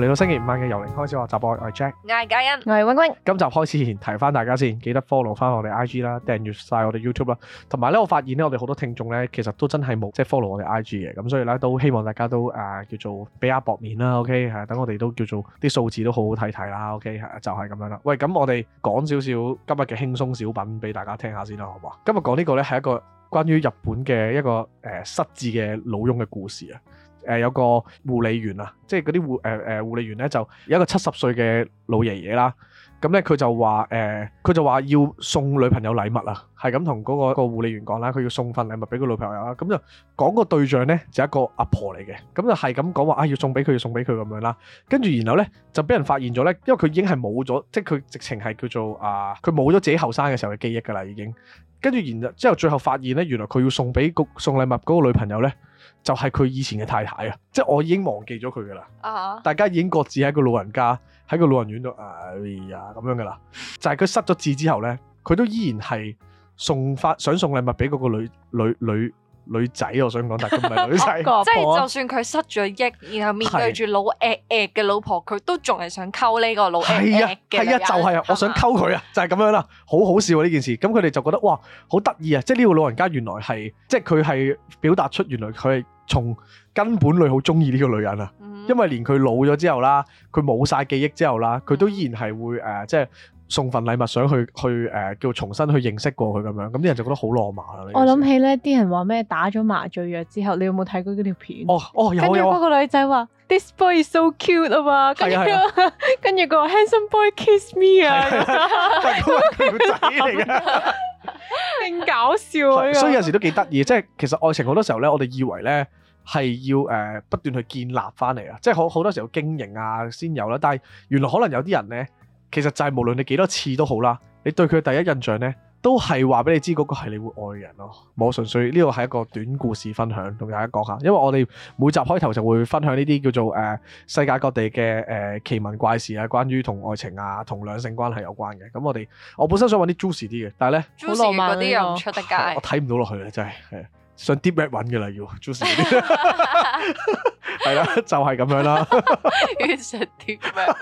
嚟到星期五晚嘅由零開始學習愛，我係 Jack、我係嘉欣、我係 WingWing，今集開始前提翻大家先，記得 follow 翻我哋 IG 啦，訂閲晒我哋 YouTube 啦。同埋咧，我發現咧，我哋好多聽眾咧，其實都真係冇即係 follow 我哋 IG 嘅，咁所以咧都希望大家都啊、呃、叫做俾下薄面啦，OK 係、啊、等我哋都叫做啲數字都好好睇睇啦，OK 係、啊、就係、是、咁樣啦。喂，咁我哋講少少今日嘅輕鬆小品俾大家聽下先啦，好唔好？今日講呢個咧係一個關於日本嘅一個誒、呃、失智嘅老翁嘅故事啊。誒，有個護理員啊，即係嗰啲護誒誒護理員咧，就、呃呃呃呃呃、有一個七十歲嘅老爺爺啦。咁、嗯、咧，佢就話誒，佢、呃、就話要送女朋友禮物啦，係咁同嗰個個護理員講啦，佢要送份禮物俾個女朋友啦。咁、嗯、就講個對象咧、嗯，就一個阿婆嚟嘅。咁就係咁講話，啊要送俾佢，要送俾佢咁樣啦。跟住然後咧，就俾人發現咗咧，因為佢已經係冇咗，即係佢直情係叫做啊，佢冇咗自己後生嘅時候嘅記憶噶啦，已經。嗯嗯嗯嗯跟住然之後，最後發現呢，原來佢要送俾送禮物嗰個女朋友呢，就係佢以前嘅太太啊！即係我已經忘記咗佢噶啦，uh huh。大家已經各自喺個老人家喺個老人院度，哎呀咁樣噶啦。就係、係、佢失咗智之後呢，佢都依然係送發想送禮物俾嗰個女女女。女女仔，我想講，但佢唔係女仔。 婆婆即係就算佢失咗憶，然後面對住老 A A 嘅老婆，佢的都仲係想溝呢個老 A 係啊，係啊，就係啊，我想溝佢啊，就係咁樣啦，好好笑喎呢件事。咁佢哋就覺得哇，好得意啊！即係呢個老人家原來係，即係佢係表達出原來佢係從根本裡好中意呢個女人啊。嗯、因為連佢老咗之後啦，佢冇晒記憶之後啦，佢都依然係會誒、呃，即係。送份禮物，想去去誒，叫重新去認識過佢咁樣，咁啲人就覺得好浪漫啦。我諗起咧，啲人話咩打咗麻醉藥之後，你有冇睇過嗰條片？哦哦有啊。跟住嗰個女仔話：This boy is so cute 啊。跟住個 handsome boy kiss me 啊。係係。女仔嚟噶，勁搞笑啊！所以有陣時都幾得意，即係其實愛情好多時候咧，我哋以為咧係要誒不斷去建立翻嚟啊，即係好好多時候經營啊先有啦。但係原來可能有啲人咧。其實就係無論你幾多次都好啦，你對佢第一印象呢，都係話俾你知嗰、那個係你會愛嘅人咯。我純粹呢個係一個短故事分享，同大家講下。因為我哋每集開頭就會分享呢啲叫做誒、呃、世界各地嘅誒、呃、奇聞怪事啊，關於同愛情啊同兩性關係有關嘅。咁我哋我本身想揾啲 juicy 啲嘅，但係呢，好浪漫嗰啲又唔出得街，我睇唔到落去嘅真係。上 Dbrand 揾嘅啦，要做事，係啦，就係咁樣啦。要上 Dbrand。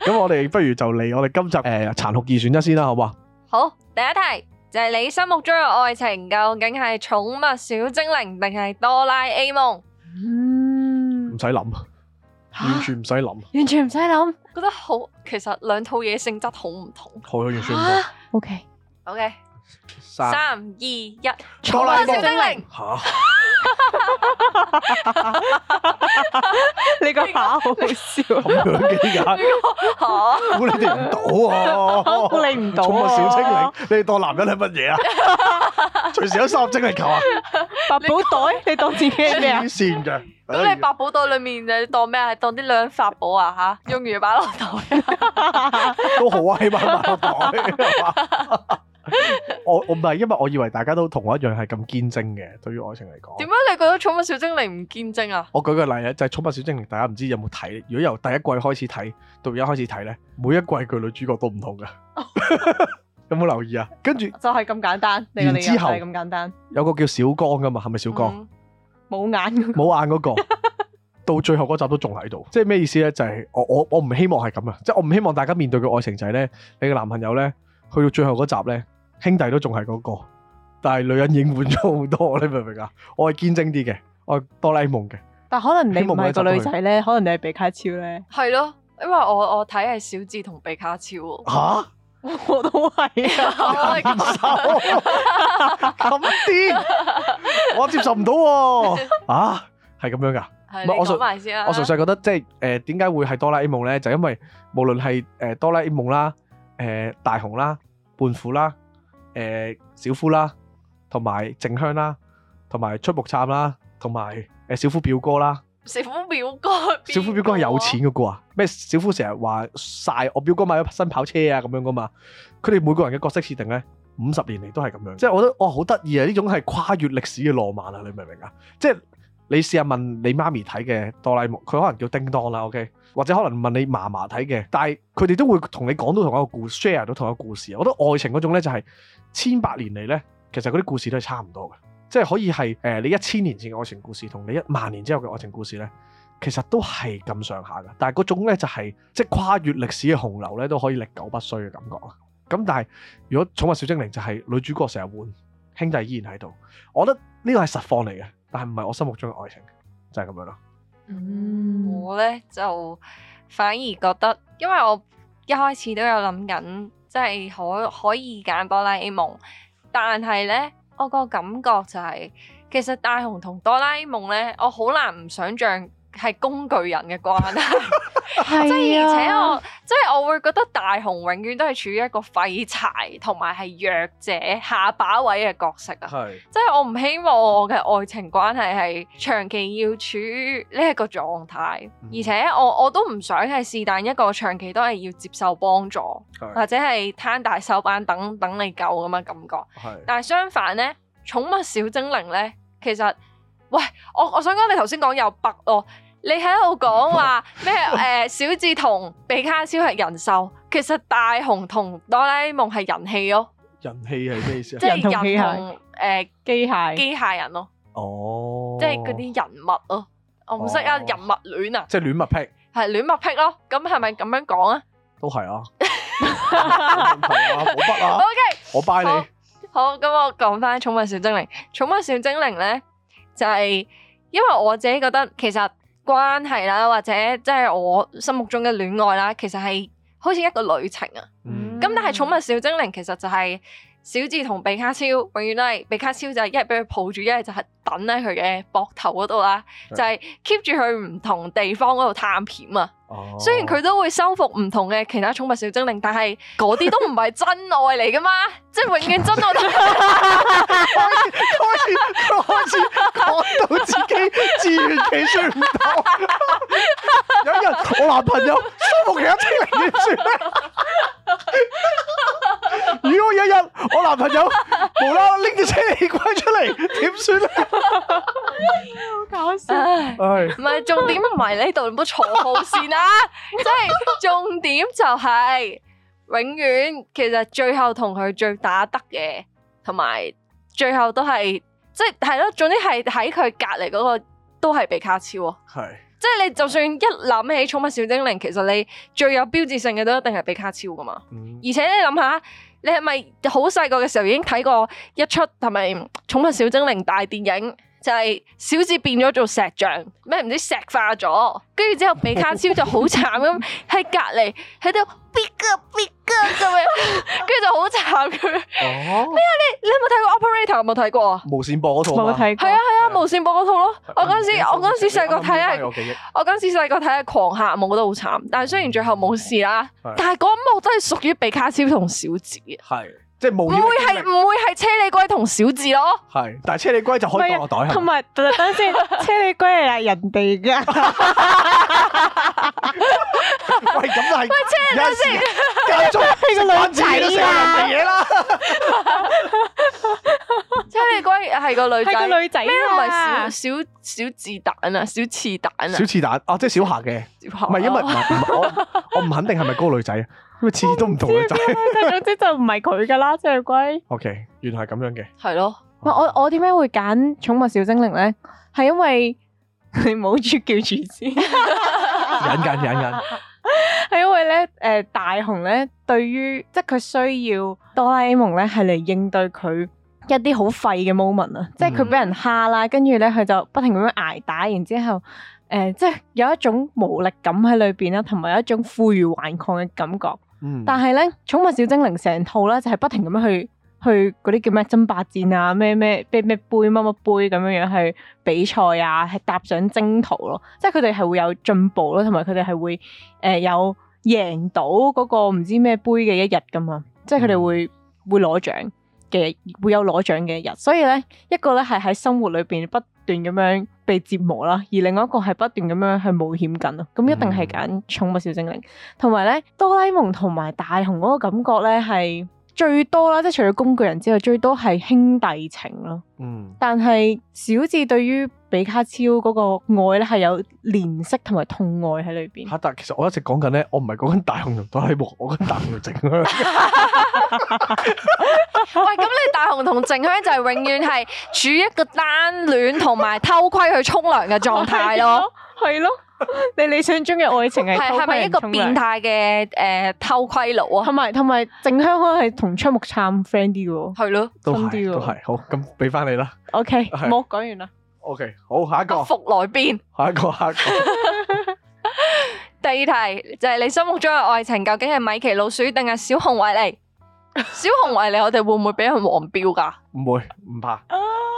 咁我哋不如就嚟我哋今集誒殘酷二選一先啦，好唔好？好，第一題就係你心目中嘅愛情，究竟係寵物小精靈定係哆啦 A 夢？嗯，唔使諗，完全唔使諗，完全唔使諗，覺得好，其實兩套嘢性質好唔同。好有認輸，OK，OK。三二一，寵物小精靈吓！你個把好好笑咁樣嘅，吓？估你哋唔到啊，估你唔到啊！寵物小精靈，你當男人係乜嘢啊？隨時有三粒精靈球啊！百寶袋，你當自己咩啊？黐線嘅，咁你百寶袋裏面你當咩啊？係當啲兩法寶啊吓？用完把落袋，都好起碼百寶袋。我我唔係，因為我以為大家都同我一樣係咁堅貞嘅，對於愛情嚟講。點解你覺得《寵物小精靈》唔堅貞啊？我舉個例就係《寵物小精靈》，大家唔知有冇睇？如果由第一季開始睇，到而家開始睇咧，每一季嘅女主角都唔同噶。有冇留意啊？跟住就係咁簡單。然之後咁簡單，有個叫小剛噶嘛？係咪小剛？冇眼，冇眼嗰個到最後嗰集都仲喺度，即係咩意思咧？就係我我我唔希望係咁啊！即係我唔希望大家面對嘅愛情就係咧，你嘅男朋友咧去到最後嗰集咧。兄弟都仲係嗰個，但係女人已經換咗好多，你明唔明啊？我係堅貞啲嘅，我係哆啦 A 夢嘅。但可能你唔係個女仔咧，可能你係比卡超咧。係咯，因為我我睇係小智同比卡超。嚇！我都係啊！我咁神，咁癲，我接受唔到喎！嚇，係咁樣噶？唔係，我純粹我純粹覺得即係誒點解會係哆啦 A 夢咧？就因為無論係誒哆啦 A 夢啦、誒大雄啦、胖虎啦。誒、欸、小夫啦，同埋靜香啦，同埋出木杉啦，同埋誒小夫表哥啦。 小夫表哥？小夫表哥係有錢嘅啩，咩？小夫成日話晒我表哥買咗新跑車啊，咁樣噶嘛。佢哋每個人嘅角色設定咧，五十年嚟都係咁樣。即係我覺得，哇、哦，好得意啊！呢種係跨越歷史嘅浪漫啊！你明唔明啊？即係你試下問你媽咪睇嘅《哆啦 A 夢》，佢可能叫叮當啦、啊，OK？或者可能問你嫲嫲睇嘅，但係佢哋都會同你講到同一個故事，share 到同一個故事。我覺得愛情嗰種咧就係、是、～千百年嚟呢，其實嗰啲故事都係差唔多嘅，即係可以係誒、呃、你一千年前嘅愛情故事，同你一萬年之後嘅愛情故事呢，其實都係咁上下嘅。但係嗰種呢就係、是、即係跨越歷史嘅洪流呢，都可以歷久不衰嘅感覺。咁但係如果寵物小精靈就係女主角成日換，兄弟依然喺度，我覺得呢個係實況嚟嘅，但係唔係我心目中嘅愛情，就係、是、咁樣咯。嗯，我呢，就反而覺得，因為我一開始都有諗緊。即係可可以揀哆啦 A 夢，但係咧，我個感覺就係，其實大雄同哆啦 A 夢咧，我好難唔想象。係工具人嘅關係，即係而且我即係、就是、我會覺得大雄永遠都係處於一個廢柴同埋係弱者下把位嘅角色啊，即係我唔希望我嘅愛情關係係長期要處於呢一個狀態，而且我我都唔想係是但一個長期都係要接受幫助是 或者係攤大手板等等你救咁嘅感覺，是 但係相反呢寵物小精靈呢，其實喂，我我想講你頭先講有白哦。你喺度講話咩？誒，小智同比卡超係人獸，其實大雄同哆啦 A 夢係人氣咯。人氣係咩意思啊？即係人同誒機械機械人咯。哦，即係嗰啲人物咯，我唔識啊！人物戀啊？即係戀物癖？係戀物癖咯。咁係咪咁樣講啊？都係啊。冇問題啊，我畢啦。O K，我拜你。好，咁我講翻寵物小精靈。寵物小精靈咧，就係因為我自己覺得其實。關係啦，或者即係我心目中嘅戀愛啦，其實係好似一個旅程啊。咁、嗯、但係《寵物小精靈》其實就係、是。小智同比卡超永遠都係比卡超，就係一係俾佢抱住，一係的就係等喺佢嘅膊頭嗰度啦，就係 keep 住去唔同地方嗰度探險啊哈。雖然佢都會收服唔同嘅其他寵物小精靈，但係嗰啲都唔係真愛嚟噶嘛，即係 永遠真愛都。開始開始始，講到自己自己算唔到，有一日我男朋友收服其他精靈算咩？如果有一日。我男朋友無啦，拎住車厘鬼出嚟，點算啊？好搞笑！唔係重點唔係呢度，唔好坐好綫啊！即係重點就係，永遠其實最後同佢最打得嘅，同埋最後都係，即係係咯。總之係喺佢隔籬嗰個都係比卡超。係即係你就算一諗起《寵物小精靈》，其實你最有標誌性嘅都一定係比卡超㗎嘛。而且你諗下。你係咪好細個嘅時候已經睇過一出同埋《寵物小精靈》大電影？就係小智變咗做石像，咩唔知石化咗，跟住之後比卡超就好慘咁喺隔籬喺度 big 啊 big 啊咁樣，跟住就好慘佢。咩啊？你你有冇睇過 operator？有冇睇過啊？無綫播嗰套睇？係啊係啊，無綫播嗰套咯。我嗰時我嗰時細個睇啊，我嗰時細個睇啊狂喊，我覺得好慘。但係雖然最後冇事啦，但係嗰幕真係屬於比卡超同小智嘅。係。唔會係唔會係車釐龜同小智咯，係，但係車釐龜就可以放個袋同埋等先，車釐龜係人哋嘅。喂，咁都係。喂，車釐龜，間中呢個女仔都食人哋嘢啦。車釐龜係個女仔，係個女仔唔係小小小智蛋啊，小刺蛋啊，小刺蛋啊，即係小霞嘅。小霞唔係因為我我唔肯定係咪嗰個女仔啊。咁啊，次次都唔同嘅就，咁總之就唔係佢噶啦，石龜。O K，原來係咁樣嘅，係咯。我我點解會揀《寵物小精靈》咧？係因為你冇住叫住先，忍忍忍忍。係因為咧，誒，大雄咧，對於即係佢需要《哆啦 A 夢》咧，係嚟應對佢一啲好廢嘅 moment 啊，即係佢俾人蝦啦，跟住咧佢就不停咁樣捱打，然之後，誒，即係有一種無力感喺裏邊啦，同埋有一種負隅頑抗嘅感覺。但係咧，寵物小精靈成套啦，就係不停咁樣去去嗰啲叫咩爭霸戰啊，咩咩咩咩杯乜乜杯咁樣樣去比賽啊，係踏上征途咯，即係佢哋係會有進步咯，同埋佢哋係會誒、呃、有贏到嗰個唔知咩杯嘅一日噶嘛，嗯、即係佢哋會會攞獎嘅，會有攞獎嘅一日，所以咧一個咧係喺生活裏邊不斷咁樣。被折磨啦，而另外一個係不斷咁樣去冒險緊咯，咁一定係揀寵物小精靈，同埋咧哆啦 A 夢同埋大雄嗰個感覺咧係最多啦，即係除咗工具人之外，最多係兄弟情咯。嗯，但係小智對於比卡超嗰個愛咧係有憐惜同埋痛愛喺裏邊。吓、啊，但係其實我一直講緊咧，我唔係講緊大雄同哆啦 A 夢，我講大雄整。 喂，咁你大雄同靜香就係永遠係處於一個單戀同埋偷窺去沖涼嘅狀態咯，係咯，你理想中嘅愛情係係咪一個變態嘅誒偷窺佬啊？係咪？同埋靜香可能係同出木杉 friend 啲嘅，係咯，親啲嘅都係好咁，俾翻你啦，OK，唔好講完啦，OK，好，下一個，福來邊，下一個，下一個，第二題就係你心目中嘅愛情究竟係米奇老鼠定係小熊維尼？ 小熊維尼，我哋會唔會俾人黃標噶？唔會，唔怕，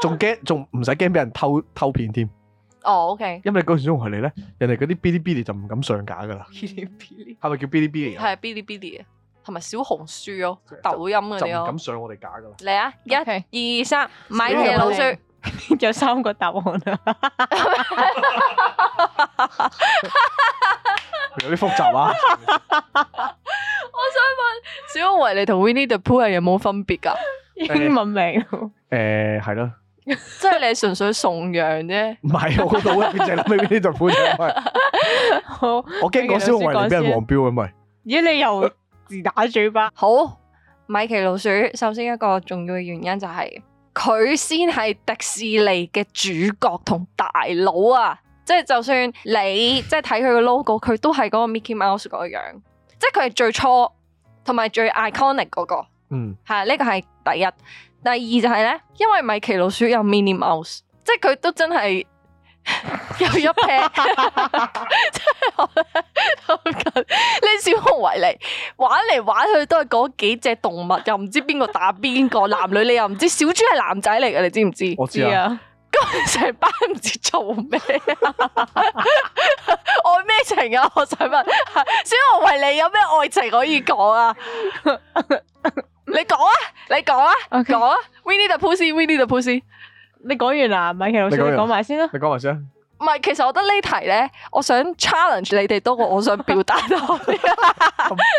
仲驚、oh.，仲唔使驚俾人偷偷片添。哦、oh,，OK。因為嗰小熊維尼咧，人哋嗰啲 Bilibili 就唔敢上架噶啦。Bilibili 係咪叫嗶哩嗶哩啊？係嗶哩嗶哩啊，同埋小紅書咯，抖音嗰啲就唔敢上我哋假噶啦。嚟啊，一二三，米奇老鼠有三個答案啊， 有啲複雜啊。 因為你同 Winnie the Pooh 有冇分別噶？英文名誒、欸 欸，係咯，即係你純粹崇洋啫。唔係我到啦，淨諗 Winnie the Pooh。好，我驚講小紅圍你俾人黃標啊！咪咦、欸？你又自打嘴巴？好，米奇老鼠。首先一個重要嘅原因就係、是、佢先係迪士尼嘅主角同大佬啊！即、就、係、是、就算你即係睇佢嘅 logo，佢都係嗰個 Mickey Mouse 個樣，即係佢係最初。同埋最 iconic 嗰個，嗯，呢個係第一。第二就係咧，因為米奇老鼠有 Minnie Mouse，即係佢都真係又一 pair。即係我我近呢小熊維尼玩嚟玩去都係嗰幾隻動物，又唔知邊個打邊個， 男女你又唔知。小豬係男仔嚟嘅，你知唔知？我知啊，咁成班唔知做咩。咩情啊？我想問，小熊維尼有咩愛情可以講啊？你講啊，你講啊，講啊。Winnie the Pooh，Winnie the Pooh。你講完啦，米奇老鼠，你講埋先啦，你講埋先。唔係，其實我覺得呢題咧，我想 challenge 你哋多過我想表達多啲。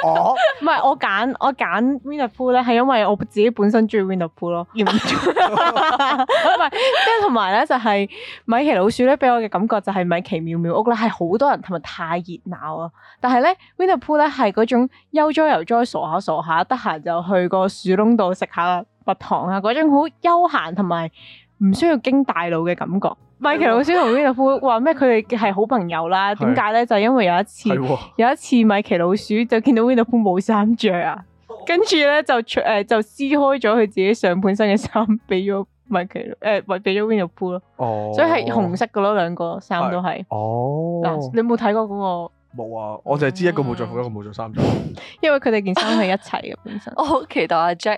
我唔係我揀我揀 Winnie the Pooh 咧，係因為我自己本身中意 Winnie the Pooh 咯。唔係，跟住同埋咧就係、是、米奇老鼠咧，俾我嘅感覺就係米奇妙妙屋啦，係好多人同埋太熱鬧啊。但係咧 Winnie the Pooh 咧係嗰種悠哉悠哉傻下傻下，得閒就去個樹窿度食下蜜糖啊，嗰種好悠閒同埋唔需要經大腦嘅感覺。米奇老鼠同 Winnie the Pooh 話咩？佢哋係好朋友啦。點解咧？就係、因為有一次，的有一次米奇老鼠就見到 Winnie the Pooh 冇衫着啊，哦、跟住咧就誒就撕開咗佢自己上半身嘅衫，俾咗米奇誒，俾、呃、咗 Winnie the Pooh 咯。哦，所以係紅色嘅咯，兩個衫都係。哦，啊、你冇睇過嗰、那個？冇啊，我就係知一個冇着褲，一個冇着衫。着 因為佢哋件衫係一齊嘅本身。 我好期待阿、啊、Jack。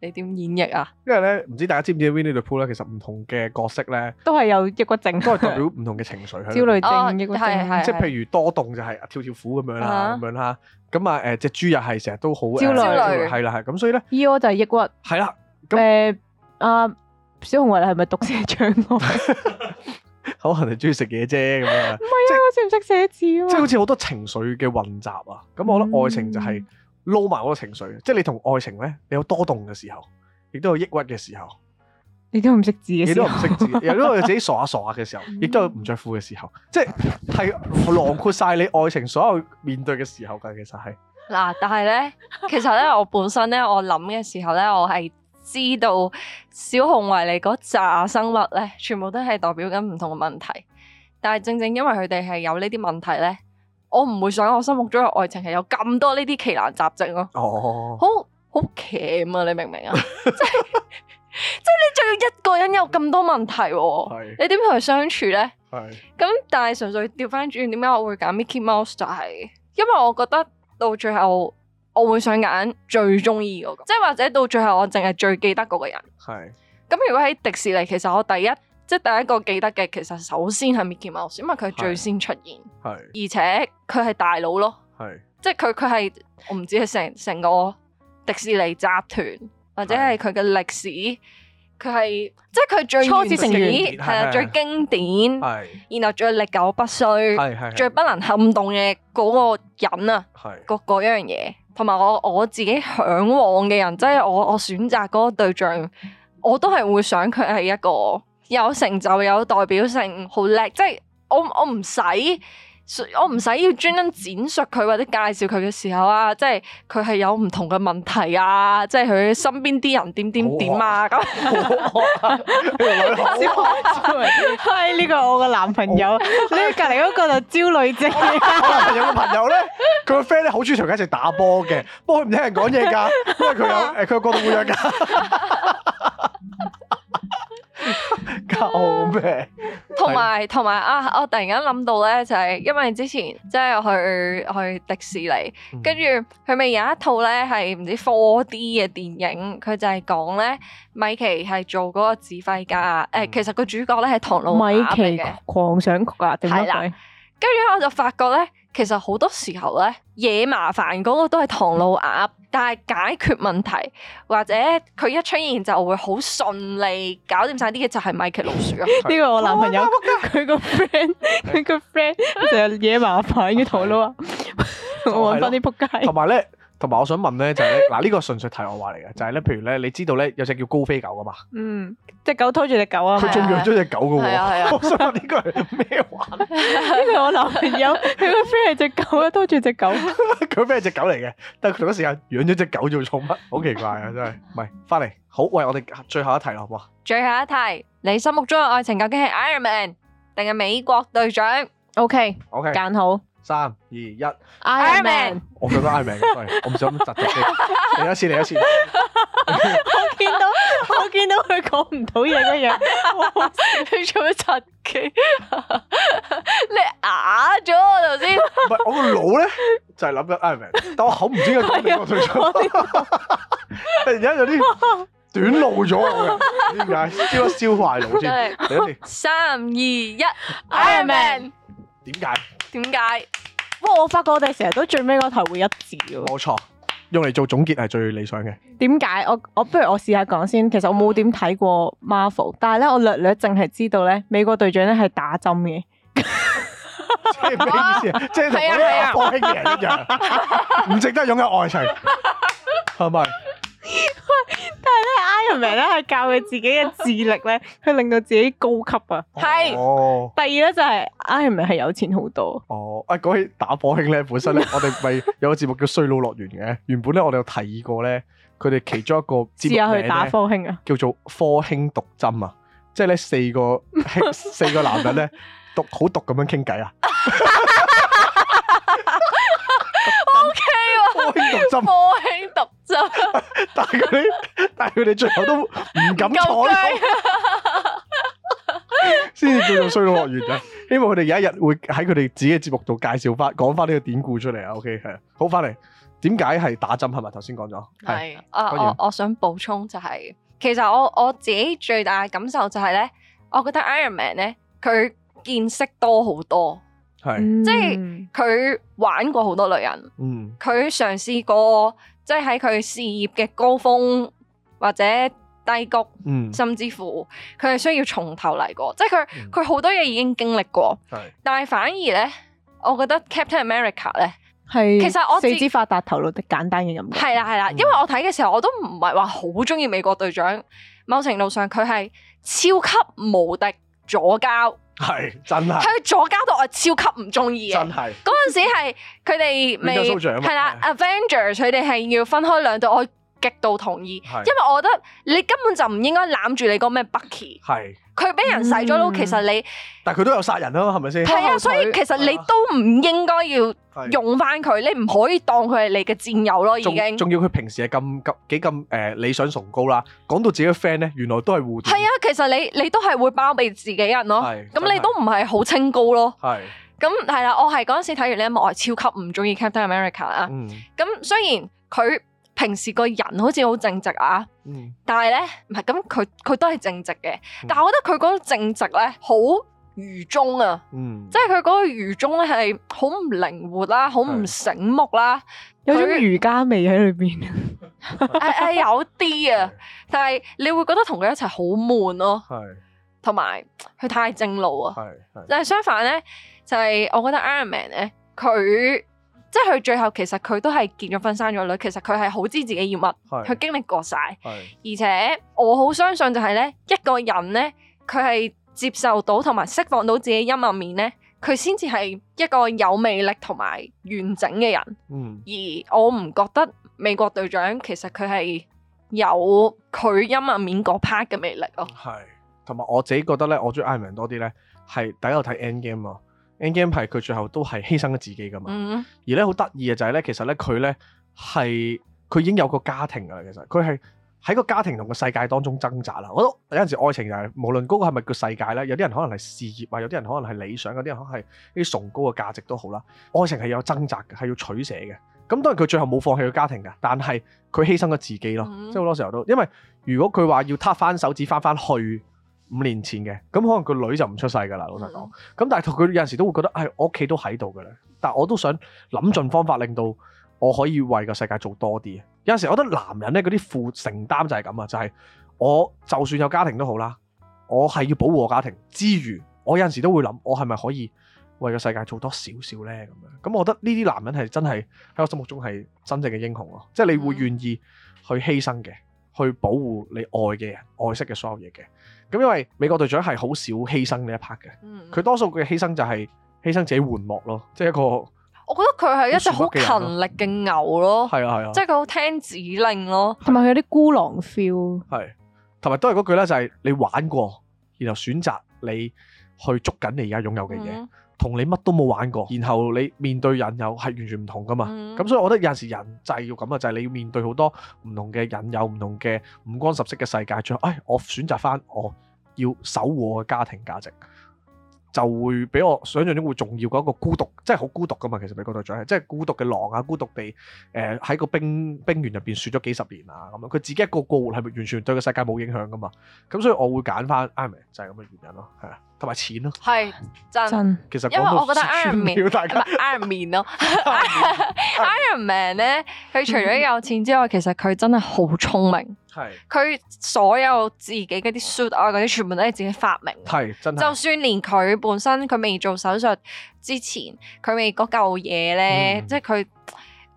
你點演繹啊？因為咧，唔知大家知唔知《Winnie the Pooh》咧，其實唔同嘅角色咧，都係有抑鬱症，都係代表唔同嘅情緒去。焦慮症抑鬱症，即係譬如多動就係啊跳跳虎咁樣啦，咁樣啦，咁啊誒隻豬又係成日都好焦慮，係啦係，咁所以咧。e 個就係抑鬱。係啦，咁誒啊小紅衛你係咪讀寫障礙？可能你中意食嘢啫咁樣。唔係啊，我識唔識寫字啊？即係好似好多情緒嘅混雜啊！咁我覺得愛情就係。撈埋我嘅情緒，即係你同愛情呢，你有多動嘅時候，亦都有抑鬱嘅時候。你都唔識字嘅，你都唔識字， 有啲我自己傻下傻下嘅時候，亦都有唔着褲嘅時候，即係係囊括晒你愛情所有面對嘅時候㗎。其實係嗱， 但係呢，其實呢，我本身呢，我諗嘅時候呢，我係知道小熊維尼嗰紮生物呢，全部都係代表緊唔同嘅問題。但係正，正正因為佢哋係有呢啲問題呢。我唔會想我心目中嘅愛情係有咁多呢啲奇難雜症咯，啊，好好鉗啊！你明唔明啊？即係即係你仲要一個人有咁多問題，啊，是你點同佢相處咧？咁是但係純粹調翻轉，點解我會揀 Mickey Mouse？就係因為我覺得到最後我會想揀最中意嗰個，即係是或者到最後我淨係最記得嗰個人。咁是如果喺迪士尼，其實我第一。即係第一個記得嘅，其實首先係米奇老鼠，因為佢最先出現，是的 而且佢係大佬咯。係是的，即係佢佢係我唔知係成成個迪士尼集團或者係佢嘅歷史，佢係即係佢最初始成以係啊最經典，係的然後最歷久不衰，的最不能撼動嘅嗰個人啊，係嗰嗰樣嘢，同埋我我自己向往嘅人，即係我我選擇嗰個對象，我都係會想佢係一個。有成就有代表性，好叻！即係我我唔使，我唔使要專登展述佢或者介紹佢嘅時候啊！即係佢係有唔同嘅問題啊！即係佢身邊啲人點點點啊！咁、啊，係呢個我嘅男朋友，呢隔離嗰個就焦慮症、啊。 我男朋友嘅朋友咧，佢個 friend 咧好中意同佢一齊打波嘅，不過佢唔聽人講嘢㗎，因為佢有誒佢有過度活躍㗎。救命！同埋同埋啊！我突然間諗到咧，就係因為之前即係去去迪士尼，跟住佢咪有一套咧，係唔知 4D 嘅電影，佢就係講咧米奇係做嗰個指揮家誒、嗯呃，其實個主角咧係唐老鴨米奇，狂想曲啊，定係？跟住我就發覺咧。其實好多時候咧，惹麻煩嗰個都係唐老鴨，但係解決問題或者佢一出現就會好順利搞掂晒啲嘅就係米奇老鼠。呢個 我男朋友佢、 哦、 個 friend 佢個 friend 成日惹麻煩嘅唐老鴨， 我揾翻啲仆街。同埋咧。同埋我想問咧，就係咧，嗱呢個純粹題外話嚟嘅，就係咧，譬如咧，你知道咧有隻叫高飛狗噶嘛？嗯，隻狗拖住隻狗啊嘛。佢仲養咗隻狗噶喎。我想問呢個係咩話？呢個我男朋友佢，邊係隻狗啊，拖住隻狗。佢邊係隻狗嚟嘅，但係佢嗰時間養咗隻狗做寵物，好奇怪啊，真係。唔係，翻嚟，好，喂，我哋最後一題咯，好冇啊？最後一題，你心目中嘅愛情究竟係 Iron Man 定係美國隊長？OK，OK，揀好。三二一，Iron Man，我想講 Iron Man，我唔想咁窒機，嚟一次嚟一次，一次 我。我見到，到我見、 就是、到佢講唔到嘢一樣，你做乜窒機？你啞咗啊頭先？唔係我個腦呢就係諗緊 Iron Man，但我口唔知點解 突然間退出，突然間有啲短路咗啊！我點解燒一燒壞腦先？等陣， 三二一，Iron Man。點解？點解？不過我發覺我哋成日都最尾嗰題會一致咯。冇錯，用嚟做總結係最理想嘅。點解？我我不如我試下講先。其實我冇點睇過 Marvel，但係咧我略略淨係知道咧，美國隊長咧係打針嘅。即係咩意思？即係同嗰啲光棍人一樣，唔、啊啊、 值得擁有愛情，係咪？ 但係咧 Iron Man 咧係教佢自己嘅智力咧，去令到自己高級啊。係、哦，第二咧就係 Iron Man 係有錢好多。哦，啊，講起打科興咧，本身咧，我哋咪有個節目叫衰佬樂園嘅。原本咧，我哋有提議過咧，佢哋其中一個節目名啊，叫做科興毒針啊。即係咧，四個 四個男人咧，獨好獨咁樣傾偈啊。OK， 科興毒針。就 但係佢， 但係佢哋最後都唔敢坐，先至、啊、 叫做衰學員嘅。希望佢哋有一日會喺佢哋自己嘅節目度介紹翻講翻呢個典故出嚟、okay? 的的啊。OK，好翻嚟，點解係打針係咪？頭先講咗係。我我想補充就係、是，其實我我自己最大嘅感受就係、是、咧，我覺得 Iron Man 咧，佢見識多好多，多，係的、嗯、即係佢玩過好多女人，嗯，佢嘗試過。即係喺佢事業嘅高峰或者低谷，嗯、甚至乎佢係需要從頭嚟過。嗯、即係佢佢好多嘢已經經歷過，是 但係反而咧，我覺得 Captain America 咧係其實我知四肢發達、頭腦簡單嘅咁。係啦係啦，嗯、因為我睇嘅時候我都唔係話好中意美國隊長。某程度上佢係超級無敵左膠。係真係佢左加到我超級唔鍾意，真係嗰陣時係佢哋未係啦。Avengers 佢哋係要分開兩度，我極度同意，的因為我覺得你根本就唔應該攬住你個咩 Bucky。係。佢俾人洗咗腦，嗯、其實你，但係佢都有殺人咯，係咪先？係啊，所以其實你都唔應該要用翻佢，啊、你唔可以當佢係你嘅戰友咯，是已經。仲要佢平時係咁咁幾咁誒理想崇高啦，講到自己嘅 friend 咧，原來都係互。係啊，其實你你都係會包庇自己人咯，咁你都唔係好清高咯。係是，咁係啦，我係嗰陣時睇完呢一幕我係超級唔中意 Captain America 啊、嗯。咁雖然佢。平時個人好似好正直啊，但係咧唔係咁，佢佢都係正直嘅，但係我覺得佢嗰種正直咧好愚忠啊，嗯、即係佢嗰個愚忠咧係好唔靈活啦，好唔醒目啦，有種儒家味喺裏邊，誒有啲啊，的但係你會覺得同佢一齊好悶咯，係的，同埋佢太正路啊，但係相反咧，就係、是、我覺得 Iron Man 咧佢。即係佢最後，其實佢都係結咗婚生咗女，其實佢係好知自己要乜，佢是經歷過晒，是而且我好相信就係呢，一個人呢，佢係接受到同埋釋放到自己陰暗面呢，佢先至係一個有魅力同埋完整嘅人。嗯，而我唔覺得美國隊長其實佢係有佢陰暗面嗰 part 嘅魅力咯。係，同埋我自己覺得呢，我中意 Iron 多啲呢，係第一度睇 Endgame 啊。Endgame 係佢最後都係犧牲咗自己噶嘛，嗯、而咧好得意嘅就係咧，其實咧佢咧係佢已經有個家庭噶啦，其實佢係喺個家庭同個世界當中掙扎啦。我覺得有陣時愛情就係、是、無論嗰個係咪叫世界咧，有啲人可能係事業啊，有啲人可能係理想，有啲人可能係啲崇高嘅價值都好啦。愛情係有掙扎嘅，係要取捨嘅。咁當然佢最後冇放棄個家庭噶，但係佢犧牲咗自己咯，嗯、即係好多時候都。因為如果佢話要撻翻手指翻翻去。五年前嘅咁，可能個女就唔出世噶啦。老實講，咁但係同佢有陣時都會覺得唉、哎，我屋企都喺度噶啦，但我都想諗盡方法，令到我可以為個世界做多啲。有陣時我覺得男人咧嗰啲負承擔就係咁啊，就係、是、我就算有家庭都好啦，我係要保護我家庭之餘，我有陣時都會諗我係咪可以為個世界做多少少呢？咁樣。咁我覺得呢啲男人係真係喺我心目中係真正嘅英雄咯，即、就、係、是、你會願意去犧牲嘅，去保護你愛嘅人、愛惜嘅所有嘢嘅。咁因為美國隊長係好少犧牲呢一 part 嘅，佢、嗯、多數嘅犧牲就係犧牲自己玩樂咯，即係一個，我覺得佢係一隻好勤力嘅牛咯，係啊係啊，即係佢好聽指令咯，同埋佢有啲孤狼 feel，係，同埋都係嗰句咧，就係、是、你玩過，然後選擇你去捉緊你而家擁有嘅嘢。嗯同你乜都冇玩過，然後你面對引誘係完全唔同噶嘛？咁、嗯、所以，我覺得有陣時人就係要咁啊，就係、是、你要面對好多唔同嘅引誘，唔同嘅五光十色嘅世界，最後、哎，我選擇翻我要守護我嘅家庭價值，就會比我想象中會重要嘅一個孤獨，即係好孤獨噶嘛？其實美國隊長就係即係孤獨嘅狼啊，孤獨地誒喺個冰冰原入邊雪咗幾十年啊咁樣，佢自己一個過活係咪完全對個世界冇影響噶嘛？咁所以，我會揀翻，唔、哎、係就係咁嘅原因咯，係啊。同埋錢咯，係真。其實因為我覺得 Iron Man，Iron Man 咯，Iron Man 咧，佢除咗有錢之外，其實佢真係好聰明。係，佢所有自己嗰啲 suit 啊嗰啲，全部都係自己發明。係真。就算連佢本身，佢未做手術之前，佢未嗰嚿嘢咧，即係佢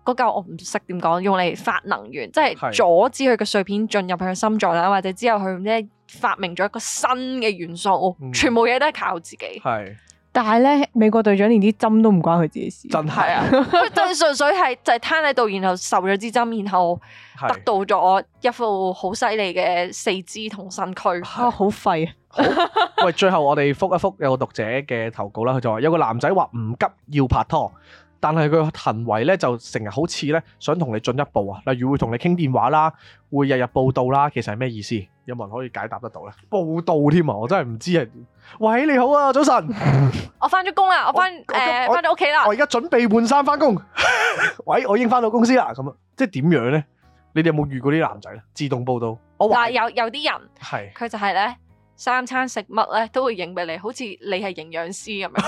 嗰嚿我唔識點講，用嚟發能源，即係阻止佢個碎片進入佢個心臟啊，或者之後佢咧。發明咗一個新嘅元素，嗯、全部嘢都係靠自己。係是，但係咧，美國隊長連啲針都唔關佢自己事，真係的啊！真係 純粹係就係攤喺度，然後受咗支針，然後得到咗一副好犀利嘅四肢同身軀。哇是，好、啊、廢！啊！喂，最後我哋覆一覆有個讀者嘅投稿啦，佢就話有個男仔話唔急要拍拖。但係佢行為咧就成日好似咧想同你進一步啊，例如會同你傾電話啦，會日日報道啦，其實係咩意思？有冇人可以解答得到咧？報道添啊，我真係唔知係點。喂，你好啊，早晨，我翻咗工啦，我翻誒翻咗屋企啦，我而家、呃、準備換衫翻工。 喂，我已經翻到公司啦，咁啊，即係點樣咧？你哋有冇遇過啲男仔咧自動報道？嗱有說，有有啲人係佢是就係咧。三餐食乜咧，都會影俾你，好似你係營養師咁樣。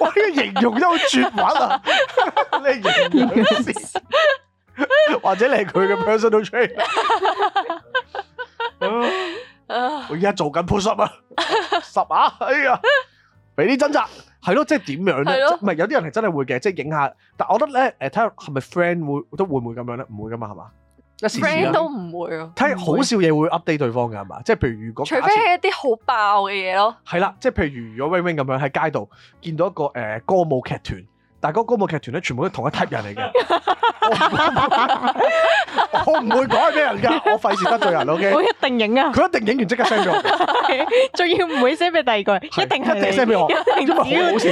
我呢個形容都好絕密啊！ 你營養師， 或者你係佢嘅 personal trainer 我而家做緊 push up 啊，push up 十下，哎呀，俾啲掙扎。係咯，即係點樣咧？唔係對了 有啲人係真係會嘅，即係影下。但我覺得咧，誒睇下係咪 friend 會都會唔會咁樣咧？唔會噶嘛，係嘛？friend 都唔會咯。睇看好少嘢會 update 對方噶係嘛？即係譬如譬如，如果除非係一啲好爆嘅嘢咯。係啦，即係譬如如果 wing wing 咁樣喺街度見到一個誒、呃、歌舞劇團。大哥歌舞劇團咧，全部都同一 type 人嚟嘅。 我唔會講咩人㗎，我費事得罪人。O K。我一定影啊！佢一定影完即刻 send 咗。係，仲要唔會 send 俾第二個人，的一定係 send 俾我。一定因為好好笑，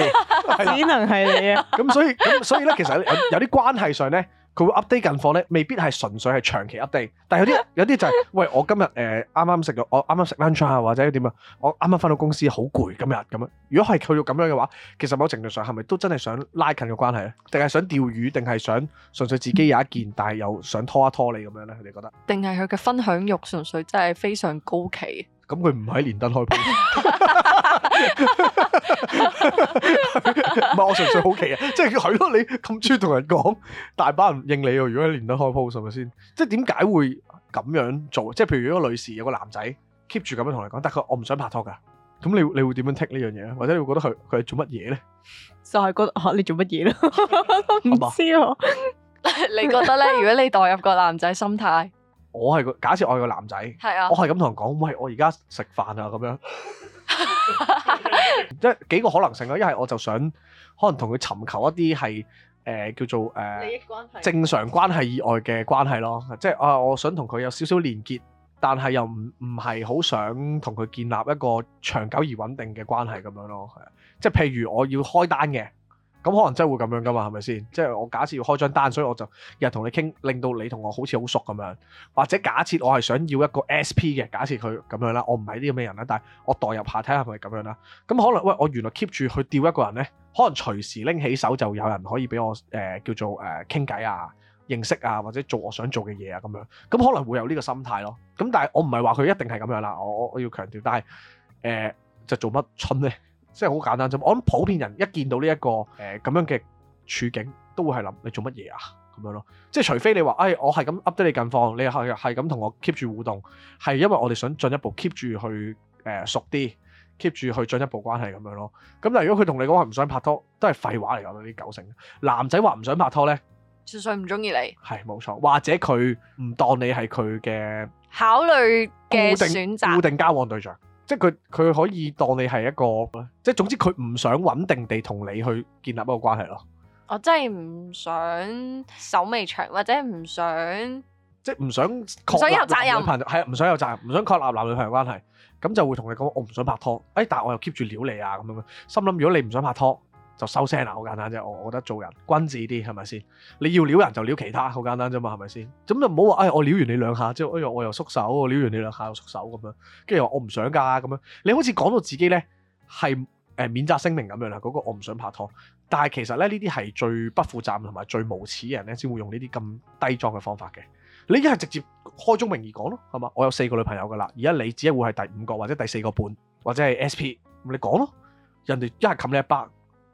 只能係你啊。咁的 所以，咁所以咧，其實有啲關係上咧。佢會 update 近況咧，未必係純粹係長期 update，但係有啲有啲就係、是， 喂，我今日誒啱啱食咗，我啱啱食 lunch 啊，或者點啊，我啱啱翻到公司好攰今日咁啊。如果係佢要咁樣嘅話，其實某程度上係咪都真係想拉近個關係咧？定係想釣魚，定係想純粹自己有一件，但係又想拖一拖你咁樣咧？你覺得？定係佢嘅分享欲純粹真係非常高企？咁佢唔喺連登開鋪，唔係我純粹好奇啊！即係佢咯，你咁中意同人講，大把人應你喎。如果喺連登開鋪，係咪先？即係點解會咁樣做？即係譬如一個女士，有個男仔 keep 住咁樣同你講，但係佢話我唔想拍拖㗎。咁你你會點樣 take 呢樣嘢？或者你會覺得佢佢係做乜嘢咧？就係覺得嚇你做乜嘢咯？唔知喎，你覺得咧？如果你代入個男仔心態。我係假設我係個男仔，啊、我係咁同人講，喂，我而家食飯啊，咁樣，即 係 幾個可能性咯。一係我就想可能同佢尋求一啲係誒叫做誒、呃、正常關係以外嘅關係咯，即係啊、呃，我想同佢有少少連結，但係又唔唔係好想同佢建立一個長久而穩定嘅關係咁樣咯。即係譬如我要開單嘅。咁可能真會咁樣噶嘛，係咪先？即係我假設要開張單，所以我就日日同你傾，令到你同我好似好熟咁樣。或者假設我係想要一個 SP 嘅，假設佢咁樣啦，我唔係啲咁嘅人啦，但係我代入下睇下係咪咁樣啦。咁、嗯、可能喂，我原來 keep 住去釣一個人呢，可能隨時拎起手就有人可以俾我誒、呃、叫做誒傾偈啊、認識啊或者做我想做嘅嘢啊咁樣。咁、嗯、可能會有呢個心態咯。咁但係我唔係話佢一定係咁樣啦，我我要強調，但係誒、呃、就做乜春呢。即係好簡單啫，我諗普遍人一見到呢、這、一個誒咁、呃、樣嘅處境，都會係諗你做乜嘢啊咁樣咯。即係除非你話，誒我係咁 update 你近況，你係係咁同我 keep 住互動，係因為我哋想進一步 keep 住去誒、呃、熟啲，keep 住去進一步關係咁樣咯。咁但係如果佢同你講話唔想拍拖，都係廢話嚟講，啲九成男仔話唔想拍拖咧，純粹唔中意你係冇錯，或者佢唔當你係佢嘅考慮嘅選擇固，固定交往對象。即係佢佢可以當你係一個，即係總之佢唔想穩定地同你去建立一個關係咯。我真係唔想手尾長，或者唔想即係唔想確立男女朋友。係啊，唔想有責任，唔想確立男女朋友關係，咁就會同你講我唔想拍拖。哎，但係我又 keep 住撩你啊咁樣，心諗如果你唔想拍拖，就收聲啦，好簡單啫。我覺得做人君子啲，係咪先？你要撩人就撩其他，好簡單啫嘛，係咪先？咁就唔好話，誒、哎、我撩完你兩下，之後哎呦我又縮手，我撩完你兩下又縮手咁樣。跟住我唔想㗎咁樣，你好似講到自己呢係誒、呃、免責聲明咁樣啦。嗰、那個我唔想拍拖，但係其實咧呢啲係最不負責任同埋最無恥嘅人呢，先會用呢啲咁低莊嘅方法嘅。你而家係直接開宗明義講咯，係嘛？我有四個女朋友㗎啦，而家你只會係第五個或者第四個半或者係 S P，你講咯，人哋一係冚你一巴。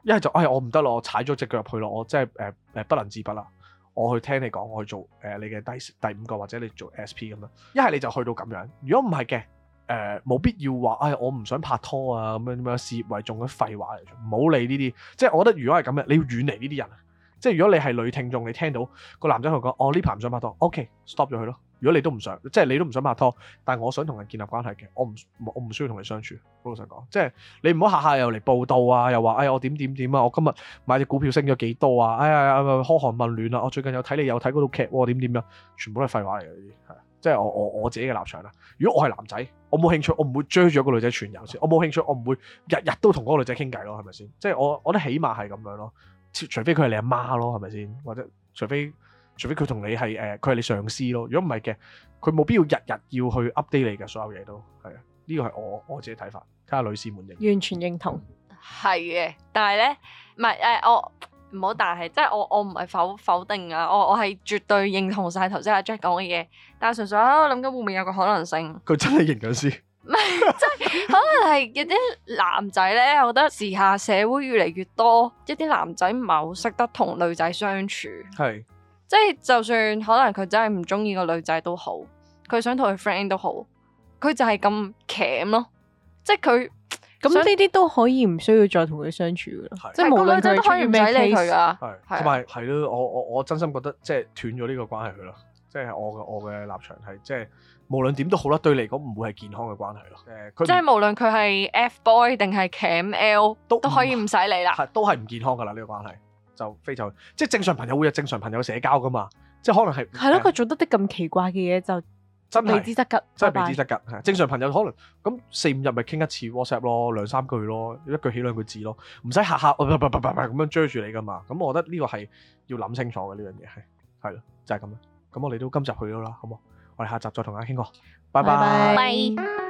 一係就唉、哎，我唔得咯，我踩咗隻腳入去咯，我真係誒誒不能自拔啦。我去聽你講，我去做誒、呃、你嘅第第五個或者你做 SP 咁樣。一係你就去到咁樣。如果唔係嘅，誒、呃、冇必要話，唉、哎、我唔想拍拖啊咁樣咁樣，事業為重嘅廢話嚟，唔好理呢啲。即係我覺得如果係咁嘅，你要遠離呢啲人。即係如果你係女聽眾，你聽到個男仔佢講，哦呢排唔想拍拖，OK stop 咗佢咯。如果你都唔想，即係你都唔想拍拖，但係我想同人建立關係嘅，我唔，我唔需要同你相處。老實講，即係你唔好下下又嚟報道啊，又話哎呀我點點點啊，我今日買隻股票升咗幾多啊，哎呀啊，噓寒問暖啊，我最近又睇你又睇嗰套劇喎，點點樣，全部都係廢話嚟嘅呢啲，係即係我我我自己嘅立場啦。如果我係男仔，我冇興趣，我唔會追住一個女仔全游先，我冇興趣，我唔會日日都同嗰個女仔傾偈咯，係咪先？即係我，我覺得起碼係咁樣咯，除非佢係你阿媽咯，係咪先？或者除非。除非佢同你係誒，佢係你上司咯。如果唔係嘅，佢冇必要日日要去 update 你嘅所有嘢都係啊。呢個係我我自己睇法，睇下女士們認唔認同？完全認同，係嘅。但係咧，唔係誒，我唔好。但係即係我我唔係否否定啊，我我係絕對認同晒頭先阿 Jack 講嘅嘢。但係純粹喺度諗緊會唔會有個可能性，佢真係型緊師，唔係即係可能係有啲男仔咧，我覺得時下社會越嚟越多一啲男仔唔係好識得同女仔相處，係。即係就算可能佢真係唔中意個女仔都好，佢想同佢 friend 都好，佢就係咁 cam 咯，即係佢咁呢啲都可以唔需要再同佢相處噶啦，是的 即係冇女仔都可以唔使理佢噶。同埋係咯，我我我真心覺得即係斷咗呢個關係佢咯，即係我嘅我嘅立場係即係無論點都好啦，對你嚟講唔會係健康嘅關係咯。呃、即係無論佢係 F boy 定係 cam l 都不都可以唔使理啦，都係唔健康噶啦呢個關係。就非就即係正常朋友會有正常朋友社交噶嘛，即係可能係係咯，佢做得啲咁奇怪嘅嘢就真係未知則吉，真係未知則吉。正常朋友可能咁四五日咪傾一次 WhatsApp 咯，兩三句咯，一句起兩句字咯，唔使吓吓，唔唔唔唔唔咁樣追住你噶嘛。咁我覺得呢個係要諗清楚嘅呢樣嘢係係咯，就係咁啦。咁我哋都今集去到啦，好唔好？我哋下集再同你傾過，拜拜。